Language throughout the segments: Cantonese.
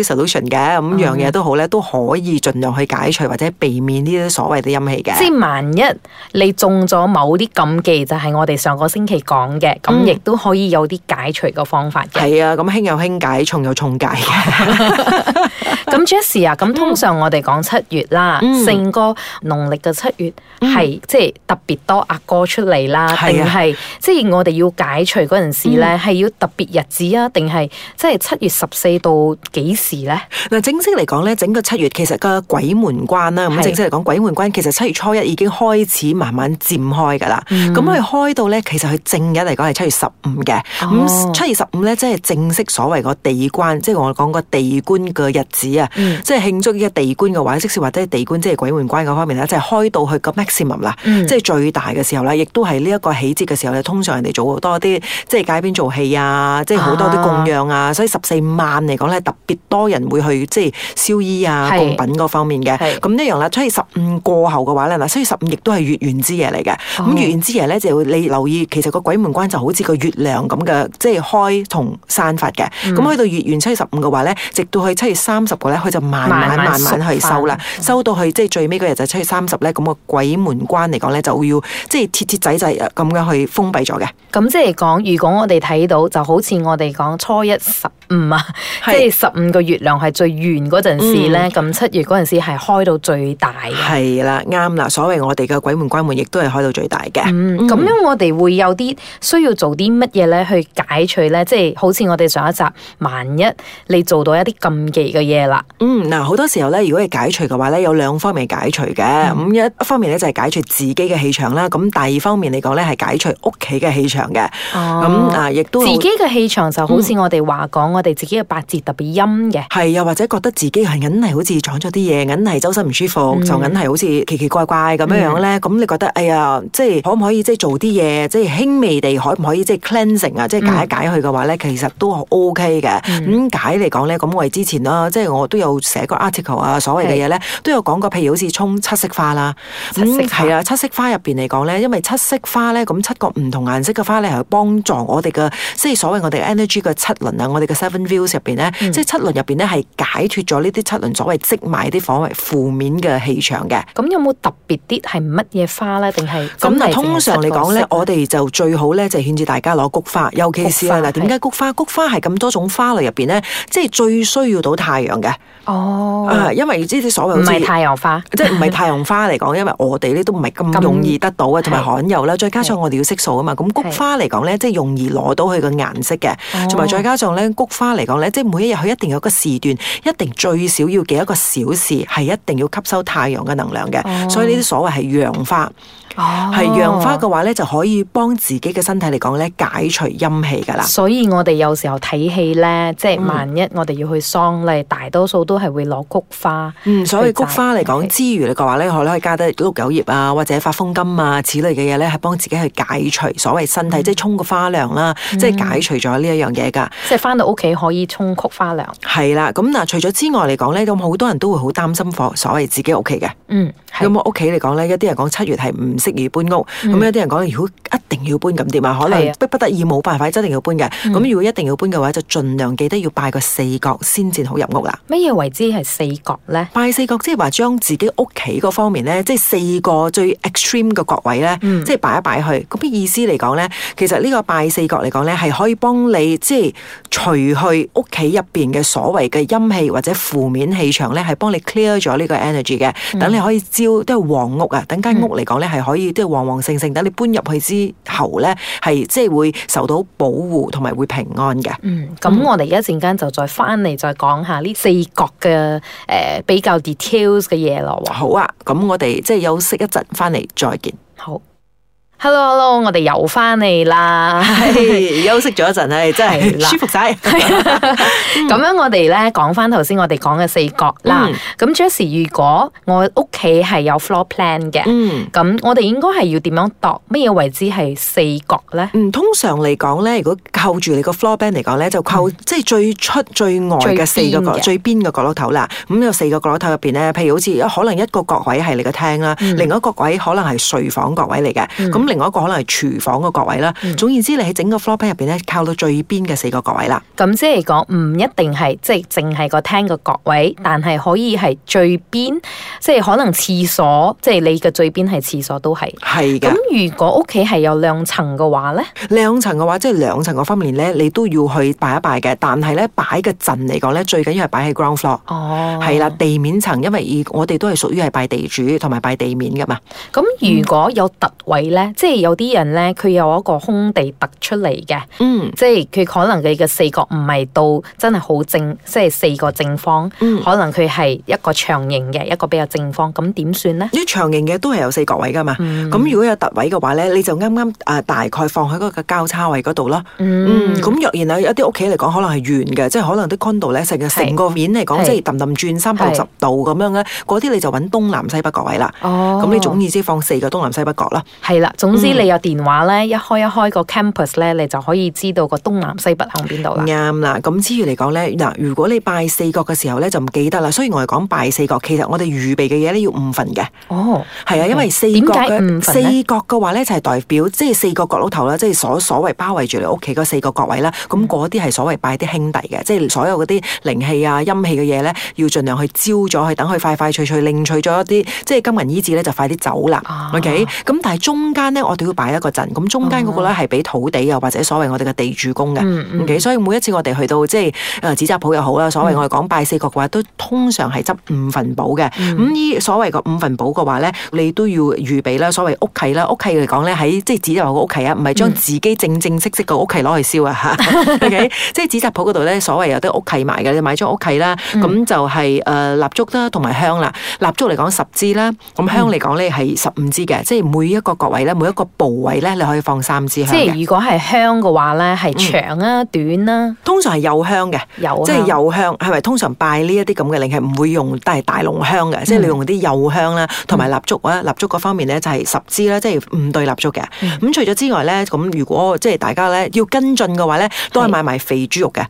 啲 solution 嘅咁樣嘢都好咧，都可以盡量去解除或者避免呢啲所謂嘅陰氣嘅。即係萬一你中咗某啲禁忌，就係我哋上個星期講嘅，咁亦都可以有啲解除嘅方法嘅。係啊，咁輕有輕解，重有重解嘅。咁 Jess 啊，咁通常我哋講七月啦，成個農曆嘅七月係即係特別多阿哥出嚟啦，定係即係我哋要解除嗰陣時咧，係要特別日子啊，定係即係七月十四到幾時？嗱，正式嚟講咧，整個七月其實個鬼門關啦。咁正式嚟講，鬼門關其實七月初一已經開始慢慢漸開噶啦。咁佢、嗯、開到咧，其實佢正日嚟講係七月十五嘅。咁、哦、七月十五咧，即係正式所謂個地關，即係我講個地官嘅日子啊。即係慶祝呢個地官嘅話，即使或者地官即係鬼門關嗰方面咧，就係、是、開到去個 maximum 啦、嗯，即係最大嘅時候啦，亦都係呢一個起節嘅時候咧。通常人哋做好多啲，即係街邊做戲啊，即係好多啲供養啊，所以十四萬嚟講咧，特別多。多人會去即係燒衣啊、貢是品嗰方面嘅，咁一是樣啦。七月十五過後嘅話咧嗱，七月十五亦都係月圓之夜嚟嘅。咁、哦、月圓之夜咧就要你留意，其實個鬼門關就好似個月亮咁嘅，即係開同散發嘅。咁去、嗯、到月圓七月十五嘅話咧，直到去七月三十個咧，佢就慢慢慢慢,慢慢去收啦，嗯、收到去即係最尾嗰日就七月三十咧。咁、那個鬼門關嚟講咧，就要即係徹徹仔仔咁樣去封閉咗嘅。咁即係講，如果我哋睇到就好似我哋講初一十五啊，是即係十五個月。月亮係最圓嗰陣時咧，咁、嗯、七月嗰陣時係開到最大嘅。係啦，啱啦。所謂我哋嘅鬼門關門，亦都係開到最大嘅。咁、嗯嗯、樣我哋會有啲需要做啲乜嘢咧，去解除咧，即、就、係、是、好似我哋上一集，萬一你做到一啲禁忌嘅嘢啦。嗯，嗱，好多時候咧，如果你解除嘅話咧，有兩方面解除嘅。咁、嗯、一方面咧就係解除自己嘅氣場啦。咁第二方面嚟講咧係解除屋企嘅氣場嘅。咁啊、哦，亦都自己嘅氣場就好似我哋話講，嗯、我哋自己嘅八字特別陰嘅。係又或者覺得自己係硬係好似撞咗啲嘢，硬係周身唔舒服，就硬係好似奇奇怪怪咁樣呢咧。咁、嗯、你覺得哎呀，即係可唔可以即係做啲嘢，即係輕微地可唔可以 ansing，即係 cleansing 啊，即係解一解佢嘅話咧，嗯、其實都 ok 嘅。咁、嗯、解嚟講咧，咁我哋之前啦，即係我都有寫過 article 啊，所謂嘅嘢咧，是都有講過，譬如好似沖七色花啦，咁係啊，七色花入面嚟講咧，因為七色花咧，咁七個唔同顏色嘅花咧係幫助我哋嘅，即係所謂我哋 energy 嘅七輪啊，我哋嘅 seven views 入邊咧，嗯、即七輪入邊咧係解脫咗呢啲七輪所謂積埋啲房位負面嘅氣場嘅。咁有冇特別啲係乜嘢花咧？定係咁啊？通常嚟講咧，我哋就最好咧就勸住大家攞菊花，尤其是係啦，點解菊花？菊花係咁多種花類入邊咧，即係最需要到太陽嘅。哦，因為呢啲所謂唔係太陽花，即係唔係太陽花嚟講，因為我哋咧都唔係咁容易得到嘅，同埋罕有啦。再加上我哋要色素啊嘛，咁菊花嚟講咧，即係容易攞到佢個顏色嘅，同埋再加上咧菊花嚟講咧，即係每一日佢一定有個。時段一定最少要幾多個小時，係一定要吸收太陽嘅能量嘅，oh. 所以呢啲所謂係陽化。係養、oh, 花嘅話咧，就可以幫自己嘅身體嚟講咧，解除陰氣噶啦。所以我哋有時候睇戲咧，即、就、係、是、萬一我哋要去喪禮，嗯、大多數都係會攞菊花、嗯。所以菊花嚟講 Okay. 之餘嚟講話咧，可唔可以加啲六九葉啊，或者發風金啊此類嘅嘢咧，係幫自己去解除所謂身體，嗯、即係沖個花涼啦，嗯、即係解除咗呢一樣嘢噶。即係翻到屋企可以沖菊花涼。係啦，咁嗱，除咗之外嚟講咧，咁好多人都會好擔心火，所謂自己屋企嘅。嗯。咁屋企嚟講咧，有啲是人講七月係唔適宜搬屋，咁、嗯、有啲人講，如果一定要搬咁點啊？可能逼不得已冇辦法，一定要搬嘅。咁、嗯、如果一定要搬嘅話，就盡量記得要拜個四角先，至好入屋啦。乜嘢為之係四角咧？拜四角即係話將自己屋企嗰方面咧，即、就、係、是、四個最 extreme 嘅角位咧，即係擺一擺去。咁、那個、意思嚟講咧，其實呢個拜四角嚟講咧，係可以幫你即係除去屋企入邊嘅所謂嘅陰氣或者負面氣場咧，係幫你 clear 咗呢個 energy 嘅、嗯。等你可以知。都都係旺屋啊！等間屋嚟講咧，係可以都係旺旺盛盛。等你搬入去之後咧，係即係會受到保護同埋會平安嘅。嗯，咁我哋一陣間就再翻嚟再講下呢四角嘅誒、呃、比較 details 嘅嘢咯。好啊，咁我哋即係休息一陣，翻嚟再見。好。hello hello，我哋又翻嚟啦，休息咗一陣，真係舒服晒。咁樣我哋咧講翻頭先我哋講嘅四角啦。咁 Joyce，如果我屋企係有 floor plan 嘅，咁我哋應該係要點樣度乜嘢為之係四角咧？通常嚟講咧，如果扣住你個 floor plan 嚟講咧，就扣即係最出最外嘅四個角，最邊嘅角落頭啦。咁有四個角落頭入邊咧，譬如好似可能一個角位係你嘅廳啦，另一個位可能係睡房角位嚟嘅，咁。另外一個可能係廚房個角位啦。嗯、總言之，你喺整個 floorplan 入邊咧，靠到最邊嘅四個角位啦。咁即係講唔一定係即係淨係個廳個角位，嗯、但係可以係最邊，即係可能廁所，即係你嘅最邊係廁所都係。係嘅。咁如果屋企係有兩層嘅話咧，兩層嘅話即係兩層個方面咧，你都要去拜一拜嘅。但係咧，擺嘅陣嚟講咧，最緊要係擺喺 ground floor。哦，係啦，地面層，因為我哋都係屬於係拜地主同埋拜地面噶嘛。咁如果有特位咧？嗯即係有啲人咧，佢有一個空地突出嚟嘅，嗯、即係佢可能佢嘅四角唔係到真係好正，即係四個正方，嗯、可能佢係一個長形嘅一個比較正方，咁點算呢？啲長形嘅都係有四角位噶嘛，咁、嗯、如果有凸位嘅話咧，你就啱啱誒大概放喺嗰個交叉位嗰度啦，嗯，咁若然有一啲屋企嚟講可能係圓嘅，嗯、即係可能啲 condo 咧成個成個面嚟講是即係氹氹轉三百六十度咁是樣咧，嗰啲你就揾東南西北角位啦，哦，咁你總意思放四個東南西北角啦，係啦。總之你有電話咧，嗯、一開一開個 campus 咧，你就可以知道個東南西北喺邊度啦。啱啦、嗯，咁至於嚟講咧，嗱、嗯嗯，如果你拜四角嘅時候咧，就唔記得啦。雖然我哋講拜四角，其實我哋預備嘅嘢咧要五份嘅。哦，係啊，因為四角嘅四角嘅話咧，就係代表即係四個角落頭啦，即、就、係、是、所所謂包圍住你屋企嗰四個角，角位啦。咁嗰啲係所謂拜啲兄弟嘅，即、就、係、是、所有嗰啲靈氣啊陰氣嘅嘢咧，要盡量去招咗，去等佢快快趣趣，領取咗一啲，即、就、係、是、金銀衣紙咧，就快啲走啦。O K，咁但係中間即係我哋要擺一個陣，咁中間嗰個咧係俾土地又或者所謂我哋嘅地主公嘅，OK，所以每一次我哋去到即係紙紮鋪又好啦，所謂我哋講拜四角嘅話，都通常係執五份寶嘅。咁呢所謂個五份寶嘅話咧，你都要預備啦。所謂屋契啦，屋契嚟講咧喺即係紙紮鋪屋契啊，唔係將自己正正式式個屋契攞去燒啊吓。OK，即係紙紮鋪嗰度咧，所謂有啲屋契埋嘅，你買張屋契啦，咁就係誒蠟燭啦，同埋香啦，蠟燭嚟講十支啦，咁香嚟講咧係十五支嘅，即係每一個角位咧每。一個部位咧，你可以放三支香。即係如果係香嘅話咧，係長啊、短啦。通常係幼香嘅，幼即係幼香係咪？通常拜呢一啲咁嘅，靈係唔會用，都係大龍香嘅，即係你用啲幼香啦，同埋蠟燭啊，蠟燭嗰方面咧就係十支啦，即係五對蠟燭嘅。咁除咗之外咧，咁如果即係大家咧要跟進嘅話咧，都係買埋肥豬肉嘅，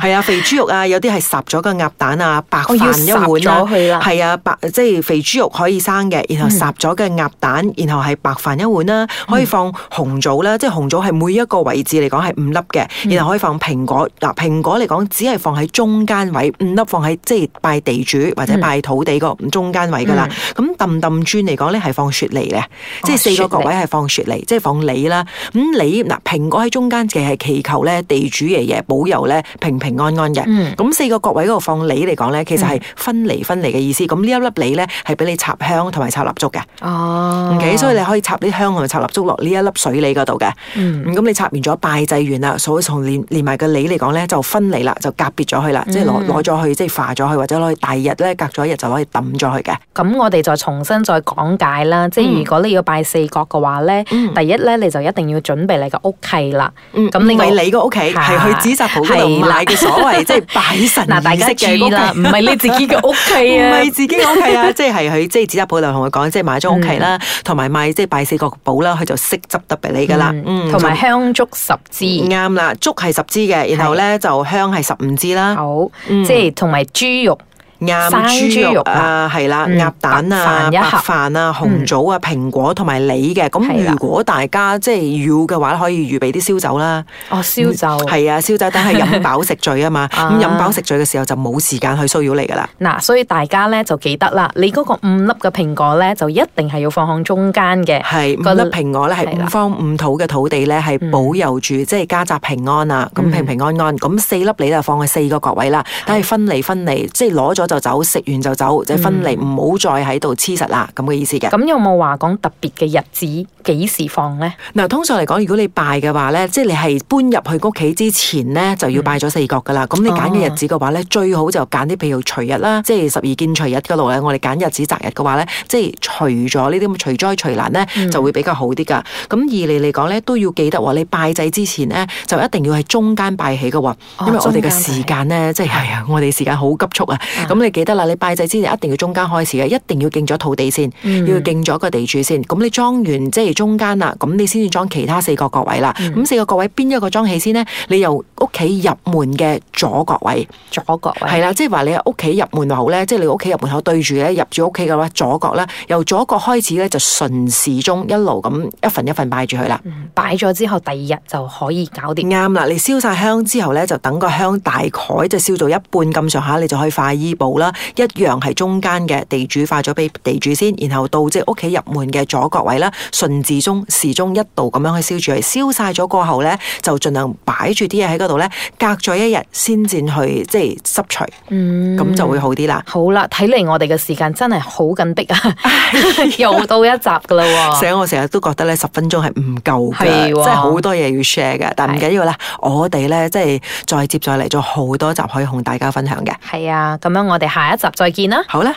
係啊，肥豬肉啊，有啲係烚咗個鴨蛋啊，白飯一碗啦，係啊，白即係肥豬肉可以生嘅，然後烚咗嘅鴨蛋，然後係白飯一碗。啦，可以放紅棗啦，即係紅棗係每一個位置嚟講係五粒嘅，然後可以放蘋果。嗱，蘋果嚟講只係放喺中間位，五粒放喺即係拜地主或者拜土地個中間位噶啦。咁氹氹轉嚟講咧係放雪梨嘅，即係四個角位係放雪梨，即係放梨啦。咁梨嗱蘋果喺中間嘅係祈求咧地主爺爺保佑咧平平安安嘅。咁四個角位嗰度放梨嚟講咧，其實係分離分離嘅意思。咁呢一粒梨咧係俾你插香同埋插蠟燭嘅。哦，OK，所以你可以插啲香。插蠟燭落呢一粒水李嗰度嘅，咁你插完咗拜祭完啦，所從連連埋嘅你嚟講咧，就分離啦，就隔別咗佢啦，即係攞攞咗去，即係化咗去，或者攞去第二日咧，隔咗一日就攞去抌咗佢嘅。咁我哋再重新再講解啦，即係如果你要拜四角嘅話咧，第一咧你就一定要準備你個屋契啦。唔係你個屋契，係去紙紮鋪度買嘅所謂即係拜神嗱，大家注意啦，唔係你自己嘅屋契啊，唔係自己屋契啊，即係佢，即係紙紮鋪度同佢講，即係買張屋契啦，同埋買即係拜四角。補啦，佢就識執得俾你噶啦，同埋、嗯嗯、香燭十支啱啦，竹係十支嘅，然後咧是就香係十五支啦，好、嗯、即係同埋豬肉。鴨豬肉啊，係啦，鴨蛋啊，白飯啊，紅棗啊，蘋果同埋梨嘅。咁如果大家即係要嘅話，可以預備啲燒酒啦。哦，燒酒。係啊，燒酒。等係飲飽食醉啊嘛，咁飲飽食醉嘅時候就冇時間去騷擾你噶啦。嗱，所以大家咧就記得啦，你嗰個五粒嘅蘋果咧就一定係要放喺中間嘅。係五粒蘋果咧係五方五土嘅土地咧係保佑住即係家宅平安啊！咁平平安安。咁四粒梨就放喺四個角位啦，但係分離分離，即係攞咗。就走，食完就走，即、就、係、是、分離，唔好、嗯、再喺度黐實啦，咁嘅意思嘅。咁、嗯、有冇話講特別嘅日子幾時放呢？嗱，通常嚟講，如果你拜嘅話呢，即係你係搬入去屋企之前呢，就要拜咗四角噶啦。咁、嗯、你揀嘅日子嘅話呢，哦、最好就揀啲譬如除日啦，即係十二建除日嗰度咧，我哋揀日子擇日嘅話呢，即係除咗呢啲咁除災除難呢，就會比較好啲噶。咁二嚟嚟講呢，都要記得話你拜祭之前呢，就一定要喺中間拜起嘅喎，因為我哋嘅時間呢，即係係啊，我哋時間好急促啊，你記得啦！你拜祭之前一定要中間開始嘅，一定要敬咗土地先，要敬咗個地主先。咁、嗯、你裝完即係中間啦，咁你先至裝其他四個角位啦。咁、嗯、四個角位邊一個裝起先呢？你由屋企入門嘅左角位，左角位係啦，即係話你屋企入門口咧，即、就、係、是、你屋企入門口對住咧，入住屋企嘅話左角啦由左角開始咧就順時鐘一路咁一份一份拜住佢啦。擺咗、嗯、之後，第二日就可以搞掂啱啦。你燒晒香之後咧，就等個香大概就係燒到一半咁上下，你就可以化衣包啦，一樣係中間嘅地主，化咗俾地主先，然後到即係屋企入門嘅左角位啦，順時鐘時鐘一度咁樣去燒住嚟，燒曬咗過後咧，就儘量擺住啲嘢喺嗰度咧，隔咗一日先至去即係濕除，咁就會好啲啦。好啦，睇嚟我哋嘅時間真係好緊迫啊，又到一集噶啦喎。成日我成日都覺得咧，十分鐘係唔夠嘅，即係好多嘢要 share 嘅。但唔緊要啦，我哋咧即係再接再嚟，做好多集可以同大家分享嘅。係啊，咁樣我。我哋下一集再見啦！好啦。